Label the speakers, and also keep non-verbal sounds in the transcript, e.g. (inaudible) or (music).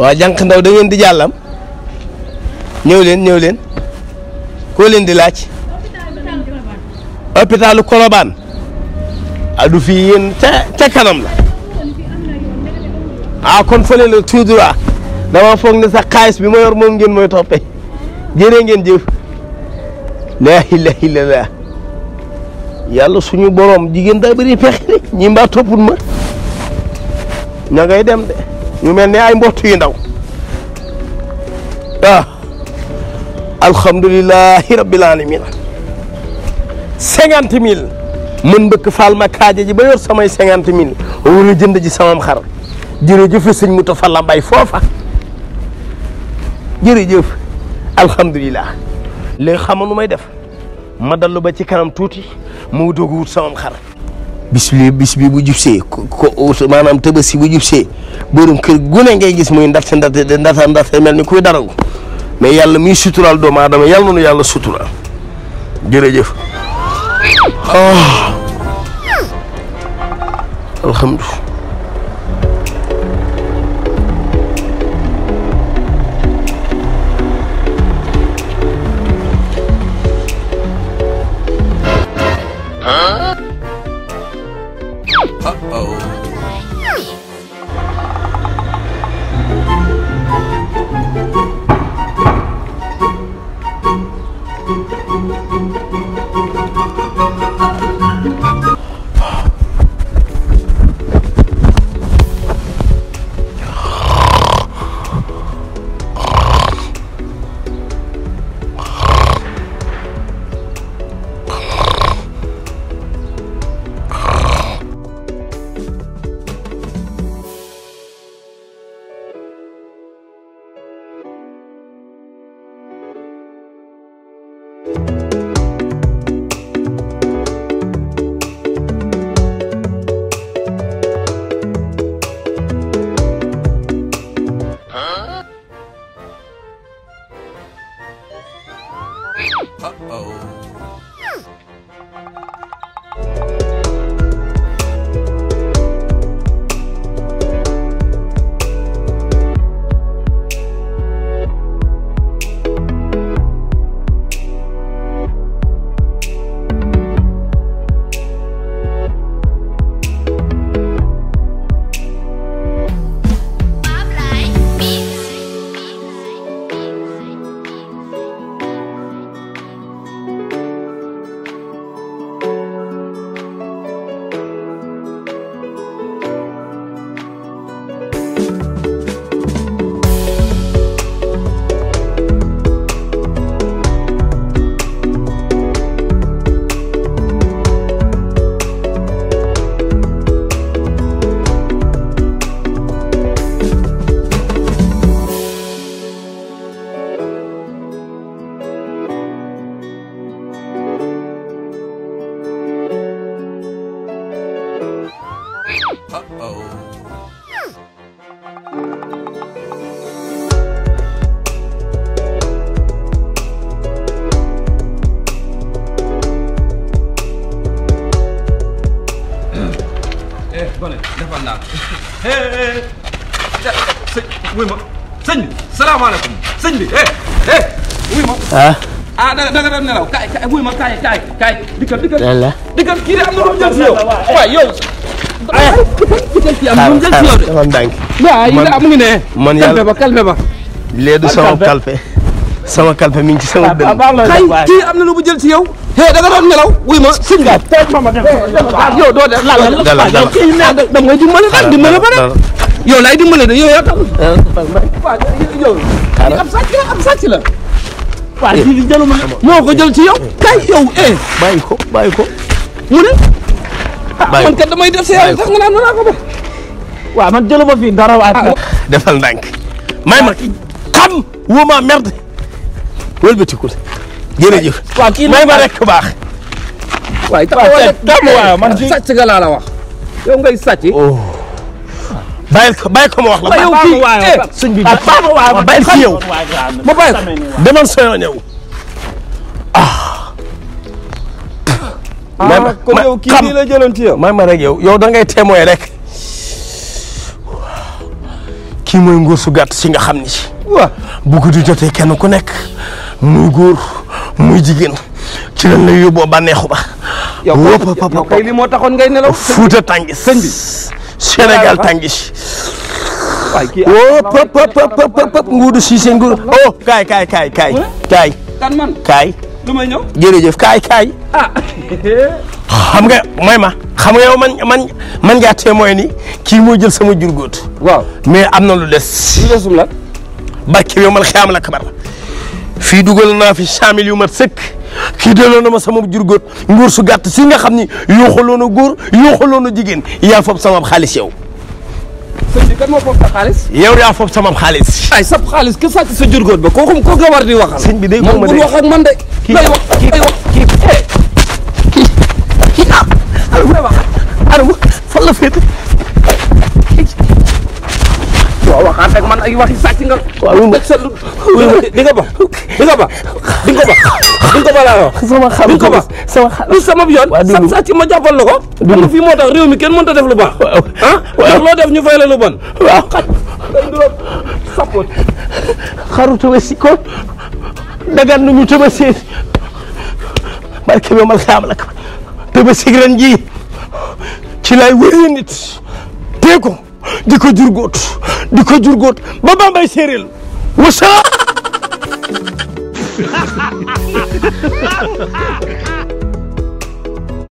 Speaker 1: waa jànq ndaw da ngeen di jàllam ñëw leen ñëw leen koo leen di laaj hôpitalu Colobane adu ah, fii yéen ca ca kanam la a ah, kon fële la tout droit foog ne sax xaalis bi ma yor moom ngeen mooy toppee jërë ngeen jëf laa ilaha illallah yàlla suñu borom jigéen daa bëri pexe ñi mbaa toppul ma ña dem de ñu mel ne ay mbott yu ndaw ah alhamdulilahi rabbil alamin cinquante mille mën mbëkk faal ma kaaja ji ba yor samay cinquante mille wala jënd ji samam xar jërëjëf sëñ mu tafa la foofa jërëjëf alhamdulilah léegi xam nu may def ma dallu ba ci kanam tuuti mu doog wut samam xar bis bi bi bu jubsee ko maanaam tabaski bu jubsee borom kër gune ngay gis muy ndaxte ndaxte ndaxte ndaxte mel ni kuy daraw mais yàlla muy suturaal doomu aadama yàlla na yàlla suturaal jërëjëf ah. alhamdulilah Uh-oh. Uh-oh. gone eh, defal naa eh, eh, sëñ wuy ma sëñ bi salaamaaleykum sëñ bi eh ma ah da nga doon nelaw kaay kaay wuy ma kaay kaay kaay am na lu mu jël si yow man yàlla ba calme ba. lee du sama calpe sama calpe mi ngi ci sama dënn. xay kii am na lu mu jël ci yow. he da nga doon nelaw wuy ma sëñ bi. yow doo def laal la dala dala kii nee da ngay dimbale daal dimbale yaa tax. Ah, la am sàcc la. moo ko jël ci yow. Eh. kay yow eh. bàyyi ko bàyyi ko mu man kat damay def si yàlla tax nga naan mën naa ko ba. man jëluma fii dara defal ndànk may ma xam woo ma merde wëlbatikul jërëjëf. waaw kii may ma rek baax. waay taxawal man ci sàcc wax. yow ngay sàcc. ma wax la. waaw yow kii eh suñ bi bàyyi ko ma bàyyi ko ah kon yow kii nii la yow. ma rek yow yow da ngay témoin rek. kii mooy nguur su gàtt si nga xam ni si. waaw bu guddi jotee kenn ku nekk muy góor muy jigéen ci lañ lay yóbboo bànneexu ba. yow kay li moo taxoon ngay nelaw. Fuuta tàngi nguur oh! kaay kaay kaay kaay. du may ñëw. jërëjëf kaay kaay. ah. nga may ma xam nga yow man man man ngaa témoin ni kii moo jël sama jur waaw mais am na lu des. lu desum la. barke bi man xiyam la kabar dugal naa fi chamil yu mat sëkk kii delloo na ma sama jur góot nguur su gàtt si nga xam ni yoo xaloon na góor yoo xaloon na jigéen yaa foog sama xaalis yow. sëñ bi kan moo xaalis. yow yaa foofu sama xaalis. ay sa xaalis que sàcc sa jurgóot ba ko ko nga war di waxal. sëñ bi day moom bu wax ak man de. kii day wax kii day wax kii kii kii ah. allo fan la féete ànd ak man ay waxi sàcc nga. waaw lu ma (laughs) di nga ba di nga ba di nga ko ba di nga ko ba laa wax. (laughs) sama xam ko ba sama xam sama yoon. waaw dugub sàcc ma jàppal la ko. dugub xam fii moo tax réew mi kenn mënut a def lu baax. waaw ah? waaw loo def ñu fay la lu bon. waaw xaj sappoot. xaru tabaski kon dagan nañu tabaski barke bi mal xaam la tabaski ren jii ci lay wéyee nit tee ko. di ko jur góot di ko jur góot ba bambay (laughs)